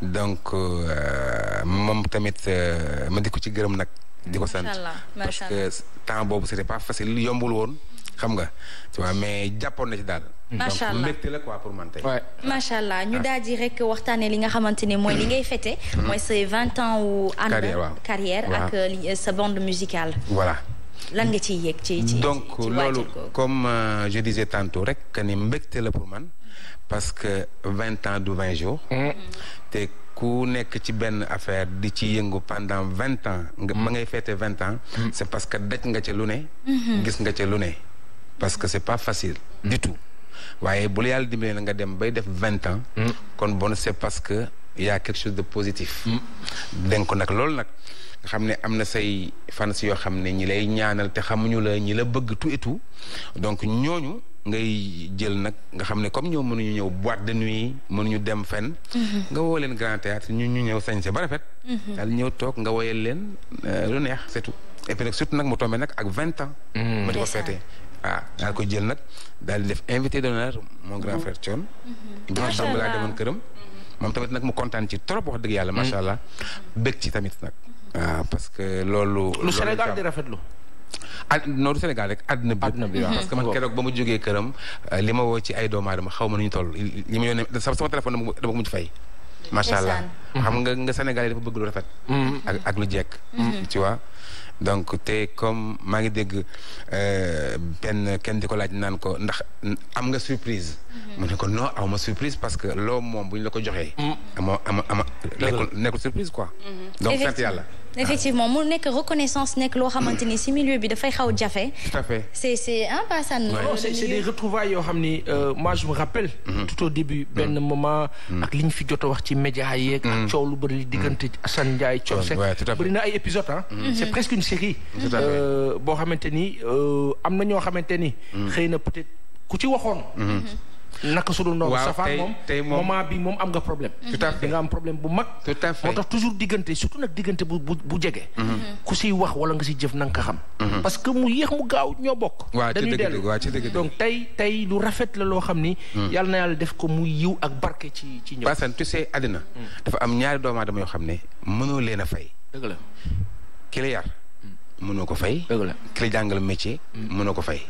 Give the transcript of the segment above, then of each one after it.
donc euh, moom tamit euh, ma di ko ci gërëm nag. di ko sant parce que temps boobu c'était pas facile yombul woon. xam nga tu mais jàppoon na ci daal. macha pour man tey. macha allah ñu ah. daal di rek waxtaanee li nga xamante ne mooy li mm-hmm. ngay fêté. Mm-hmm. mooy say vingt ans wu. carrière ànd carrière ak euh, sa bande musicale. voilà. lan nga ciy yëg donc loolu comme euh, je disais tantôt rek que ni mbégte la pour man parce que vingt ans du vingt jours. Mm. te ku nekk ci benn affaire di ci yëngu pendant vingt ans. nga mm. ma ngay féete vingt ans. Mm. c'est parce que daj nga ca lu ne. Mm-hmm. gis nga ca lu ne. parce que c'est pas facile. du tout waaye bu la yàlla dimbalee na nga dem bay def vingt ans. kon bon c'est parce que y quelque chose de positif. dénk ko nag loolu nag. xam ne am na say fans yoo xam ne ñi lay ñaanal te xamuñu la ñi la bëgg tout et donc ñooñu ngay jël nag nga xam ne comme ñoom mënuñu ñëw boîte de nuit mënuñu dem fenn. Mm-hmm. nga woo leen grand théâtre ñu ñu ñëw sañse ba rafet. Mm-hmm. daal ñëw toog nga woyal leen euh, lu neex setu tout et nag surtout nag mu tombé nag ak vingt ans. Mm-hmm. ma di ko feetee waaw ah, daal ko jël nag daal di def invité d'honneur mon grand frère Thion. laa demoon këram. moom tamit nag mu kontaan ci trop wax dëgg yàlla. macha allah bëgg ci tamit nag. waaw ah, parce que loolu. lu Sénégal di rafetlu. ad nooru Sénégal rek àdduna bi. àdduna bi waaw parce que man keroog ba ma jógee këram euh, li ma woo ci ay doomu aadama xaw ma nu ñu toll li yoon yónnee sama téléphone dama ko mujj fay. macha allah xam nga nga Sénégalais dafa bëgg lu rafet. Mm-hmm. ak ak lu jekk. Mm-hmm. tu vois. donc te comme maa ngi dégg euh, benn kenn di ko laaj naan ko ndax am nga surprise. Mhm. mu ne ko non aw ma surprise parce que loo moom bu ñu la ko joxee. Mm. amoo ama ama nekkul surprise quoi. Mhm. donc sant yàlla. effectivement mu nekk reconnaissance nekk loo xamante ni si milieu bi dafay xaw jafe. tout à fait c'est c'est un passage. non c'est c'est des retrouvailles yoo xam ni euh, moi je me rappelle. Mm-hmm. tout au début benn mm-hmm. moment. Mm-hmm. ak li ñu fi jot wax ci média yeeg. ak coow lu bëri diggante Assane Ndiaye coow Seck. bëri na ay épisodes c'est presque une série. Euh, boo xamante ni euh, am na ñoo xamante ni. xëy na peut-être ku ci waxoon. naka su dul noonu safaan moom tey moment bi moom am nga problème tout à fait nga am problème bu mag tout à fait moo tax toujours diggante surtout nag diggante bu bu jege mm-hmm. ku siy wax wala nga si jëf na xam mm-hmm. parce que mu yéex mu gaaw ñoo bokk dañuy dellu donc tey tey lu rafet la loo xam ni mm. yàlla na yàlla def ko mu yiw ak barke ci ci ñëw Bassane tu sais àddina mm. dafa am ñaari doomu aadama xam ne mënoo leen a fay dëgg la ki la yar mm. mënoo ko fay dëgg la ki la jàngal métier mënoo ko fay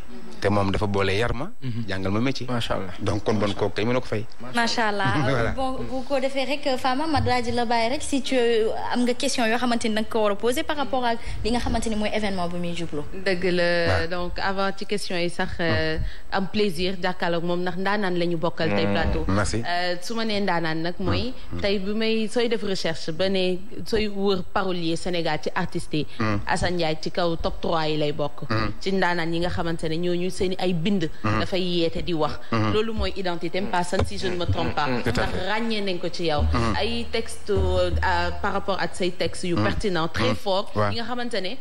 te moom dafa boole yar ma. Mhm. jàngal ma métier. macha allah donc na ko fay. macha allah bon bu ko defee rek Fama ma daal di la bàyyi rek si euh, am nga question yoo xamante ni ko war a posé par rapport ak li nga xamante ni mooy événement bu muy jublu. dëgg la donc avant question yi sax euh, am plaisir jàkkaarloog moom ndax ndaanaan lañu ñu bokkal. tey mm, plateau merci. Euh, su ma nee ndaanaan nag mooy. Mm, mm. tey bi may sooy def recherche ba ne sooy wër parolier Sénégal ci artistes yi. Assane ci kaw top 3 yi lay bokk. ñu seen i ay bind. Mhm. dafay yeete di wax. Mhm. loolu mooy identité Mpassan si je ne me trompe pas. Mhm, ndax ràññee nañ ko ci yow. ay texte euh, par rapport ak say textes yu pertinent très fort. yi nga xamante ne.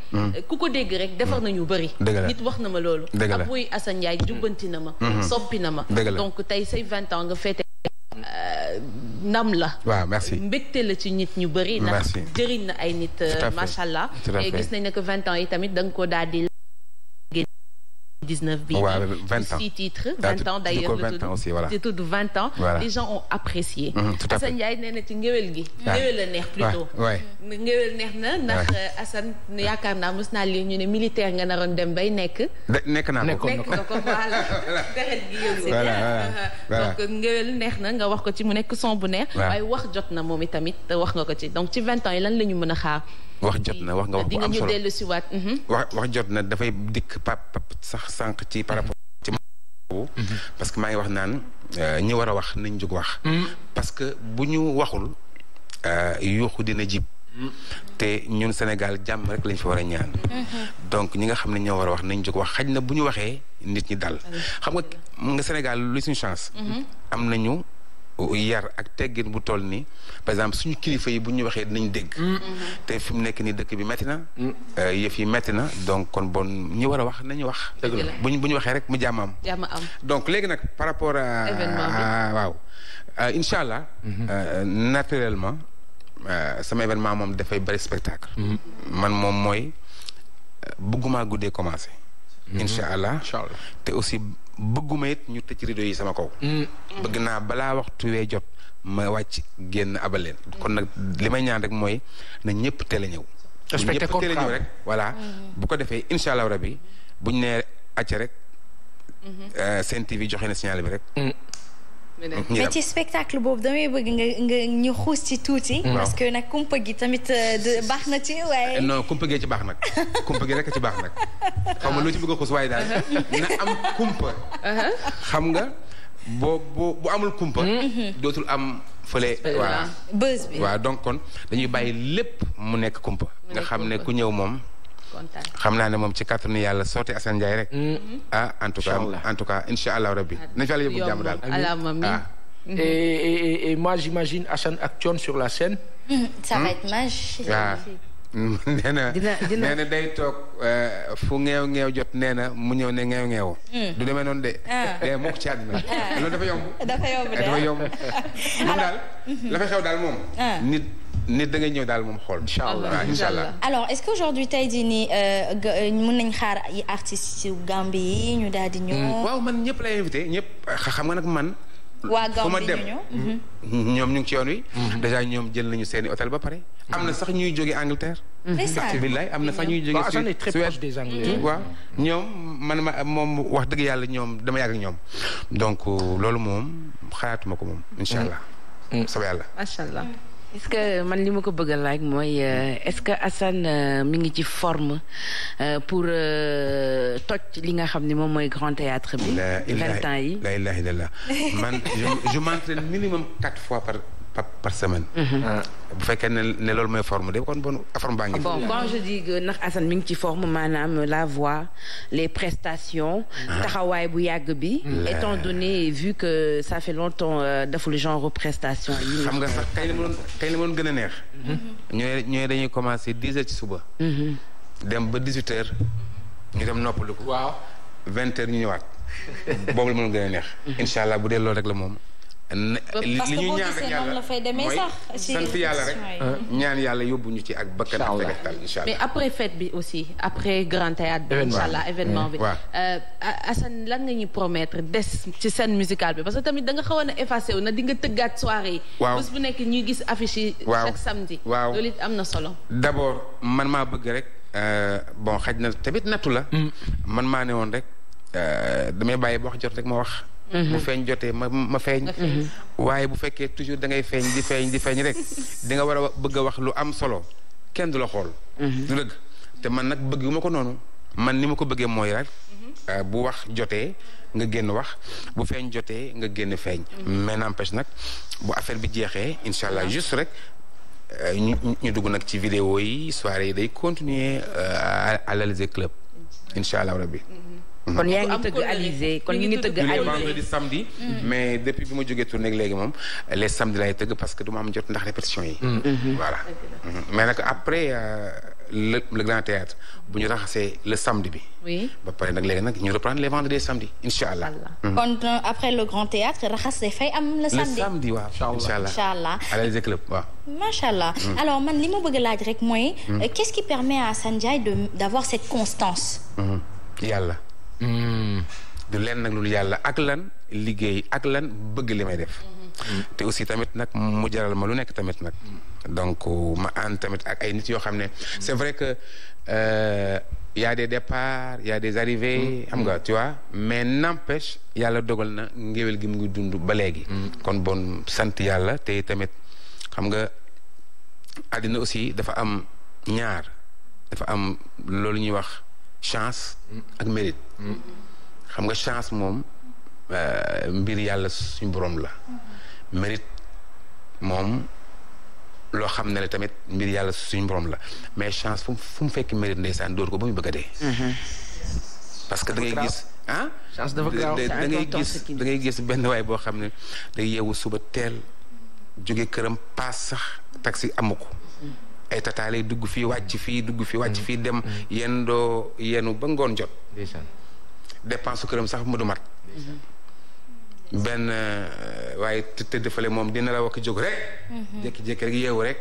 ku ko dégg rek defar nañu bëri. nit wax na ma loolu. dëgg la abuy Assane Ndiaye jubbanti na ma. soppi na ma. donc tey say vingt ans nga féete. Euh, ndam la. waaw merci mbégte la ci nit ñu bëri. ndax jëriñ na ay nit. Euh, macha allah. et gis nañ ne vingt ans yi tamit da ko daal di. 19 bi. waaw 20 ans six titres. 20 ah, ans d'ailleurs le tout aussi voilà. tout 20 ans. voilà gens ont apprécié. Mhm, tout à fait ci ngéwél gi. ngéwél la neex plutôt. waay mm, ngéwél neex na ndax euh, Assane yaakaar naa mos naa lii ñu ne militaire nga naroon dem bay nekk. nekk naa ko nekk na ko voilà. deret gi yëngu. neex na nga wax ko ci mu nekk son bu neex. waaye wax jot na moom itamit te wax nga ko ci donc ci 20 ans yi lan la ñu mën a xaar. wax jot na wax nga wax am solo mhm. wax wax jot na dafay dikk pap sax sànq ci par rapport mhm. Mhm. parce que maa ngi wax naan euh, ñi war a wax nañ jóg wax parce que bu ñu waxul euh, yuuxu dina jib te ñun Sénégal jàmm rek lañ fi war a ñaan donc ñi nga xam ne ñoo war a wax nañ jóg wax xaj na bu ñu waxee nit ñi dal xam nga nga Sénégal luy suñu chance am nañu yar ak teggin bu toll nii par exemple suñu kilifa yi bu ñu waxee dinañ dégg. Mm-hmm. te fi mu nekk nii dëkk bi metti na. Mm-hmm. Euh, yëf yi metti na donc kon bon ñi war a wax nañu wax. dëgg bu ñu bu ñu waxee rek mu jàmm am. am donc léegi nag par rapport a événement bi waaw. Euh, incha allah. Mm-hmm. Euh, naturellement sama événement moom dafay bari spectacle. man moom mooy bëgguma guddee commencé. incha allah te aussi. bëgguma it ñu tëj rido yi sama kaw. Mm. bëgg naa balaa waxtu wee jot ma wàcc génn abal leen. Mm. kon nag li may ñaan rek mooy na ñëpp teel a ñëw. respecté ko ñëw rek voilà. Mm. bu ko defee incha allahu rabi buñ nee acc rek. Mm-hmm. Euh, Sen TV joxe na signal bi rek. mais ci spectacle boobu damay bëgg nga nga ñu xuus ci tuuti. parce que nag kumpa gi tamit baax na ci waaye. non kumpa gee ci baax nag kumpa gi rek ci baax nag. xam nga loo ci bëgg a xuus waaye daal na am kumpa. xam mhm. nga boo boo bu amul kumpa. dootul am fële. waa bës bi waaw donc kon dañuy bàyyi lépp mu nekk kumpa. nga xam ne ku ñëw moom. kontaan xam naa ne moom ci kàttanu yàlla sotti Assane Ndiaye rek. Mm. ah en tout cas en tout cas incha allah rabbi. Ah, nañu fa la daal amiin ah. Mm -hmm. et, et, et moi, j'imagine Hassan Action sur la scène. Mm-hmm. nee na nee na day toog eh, fu ngeew ngeew jot nee na mu ñëw ne ngeew ngeew hmm. du deme noonu de ah. de mukk ci àddina ah. loolu dafa yomb dafa daal mhm. lafa fay xew daal moom ah. nit nit da ngay ñëw daal moom xool incha allah incha allah alors est-ce que aujourd'hui tey jii nii euh, euh, mën nañ xaar yi artistes yu Gambie yi ñu daal ñëw hmm, waaw man ñëpp la invité ñëpp xam nga nag man waa fu ma dem mm-hmm. Mm-hmm. ñoom ñu ci yoon wi mm-hmm. dèjà ñoom jël nañu seeni hôtel ba pare am na sax ñuy jóge Angleterre ci billaay am na sax ñuy jóge Suède waaw ñoom man ma moom wax dëgg yàlla ñoom dama yàgg ñoom donc euh, loolu moom xalaatuma ko moom incha allah sama yàlla macha allah est-ce que man li ma ko bëgg a laaj mooy euh, est-ce que Assane euh, mi ngi ci forme euh, pour toj li nga xam ni moom mooy grand théâtre bi. vingt ans yi la ilaha illallah man je je m'entraîne minimum quatre fois par par semaine. Mhm. Ah. bu fekkee ne ne loolu mooy forme de kon bon forme baa ngi. bon je dis que ndax Assane mi ngi ci forme maanaam la voix les prestations. Ah. taxawaay bu yàgg bi. étant donné vu que ça fait longtemps euh, deful genre prestation yi. xam nga sax kañ la ma doon kañ gën a neex. Mhm. ñooy ñooy dañuy commencé dix heures ci suba. Mhm. dem ba dix huit heures ñu dem noppalu ko. waaw vingt heures ñu ñëwaat. boobu la ma doon gën neex. incha allah bu dee loolu rek la moom. li ñuy ñaan yàlla la fay demee sax sant yàlla rek euh, ñaan yàlla yóbbuñu ci ak bakkan ak tegtal incha allah mais après fête bi aussi après grand théâtre bi incha allah événement bi euh, Assane lan nga ñuy promettre des ci scène musicale bi parce que tamit da nga xaw a effacé na di nga tëggaat soirée yi waaw bés bu nekk ñuy gis affiche yi chaque samedi waaw loolu it am na solo d'abord man maa bëgg rek euh, bon xaj na tamit nattu la mm. man maa ne woon rek damay bàyyi boo wax jot rek ma wax Mm-hmm. bu feeñ jotee ma ma feeñ mm-hmm. waaye bu fekkee toujours da ngay feeñ di feeñ di feeñ rek di nga war a bëgg a wax lu am solo kenn du la xool du mm-hmm. dëgg te man nag bëgg ma ko noonu man ni ma ko bëggee mooy rek euh, bu wax jotee nga génn wax bu feeñ jotee nga génn feeñ mais n'empêche nag bu affaire bi jeexee incha allah juste rek euh, ñu ñu dugg nag ci vidéo yi soirée yi day continuer euh, à l'Alizé Club incha allah rabbi kon yaa ngi tëgg Alizé kon ñu ngi tëgg Alizé vendredi samedi mm. mais depuis bi ma jógee tournée léegi moom les samedi lay tëgg parce que du ma am jot ndax répétition yi mm. mm-hmm. voilà mm-hmm. mais nag après euh, le le grand théâtre bu ñu raxasee le samedi bi. ba pare nag léegi nag ñu reprendre les vendredis samedi incha allah. Mm-hmm. kon euh, après le grand théâtre raxas dafay am le samedi. le samedi waaw incha allah incha allah. Mm. alors man li ma bëgg laaj rek mooy. Euh, qu'est-ce qui permet à Assane Ndiaye de d'avoir cette constance. yàlla. Hmm. du leen nag loolu yàlla ak lan liggéey ak lan bëgg li may def. te aussi tamit nag mu jaral ma lu nekk tamit nag. donc ma ànd tamit ak ay nit yoo xam ne. c'est vrai que euh, y a des départs y a des arrivées. Hmm. xam nga tu vois mais n'empêche yàlla dogal na ngéwél gi mu ngi dund ba léegi. Hmm. kon bon sant yàlla te tamit xam nga àddina aussi dafa am ñaar dafa am loolu ñuy wax. chance ak mérite xam nga chance moom euh, mbir yàlla suñ borom la mérite moom loo xam ne la tamit mbir yàlla suñ borom la mais chance fu mu fu mu fekk mérite ndeysaan dóor ko ba muy bëgg a dee mm-hmm. parce da ngay gis ah benn waay boo xam ne day yeewu suba teel jóge këram paas sax taxi amu ko mm-hmm. ay tataale dugg fi wàcc fii dugg fi wàcc fii dem mm-hmm. mm-hmm. yenn doo yenu ba ngoon jot dépense su këram sax mu du mat mm-hmm. benn euh, waaye tëdd fële moom dina la wakk jóg rek jékki-jékki rek yeewu rek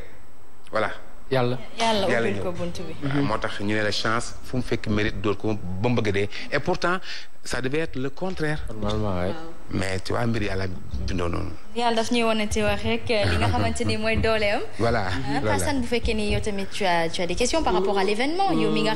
voilà yàlla yàlla ubbil ko bunt bi moo tax ñu ne la chance fu fekk mérite dóor ko ba mu bëgg et pourtant ça devait être le contraire. normalement waaye. mais tu a mbir yàlla bindoo noonu. yàlla daf ñuy wane ci wax eh, li nga xamante ni mooy voilà ah, voilà Assane bu fekkee ni yow tamit tu as des questions par rapport à l'événement yow mi nga.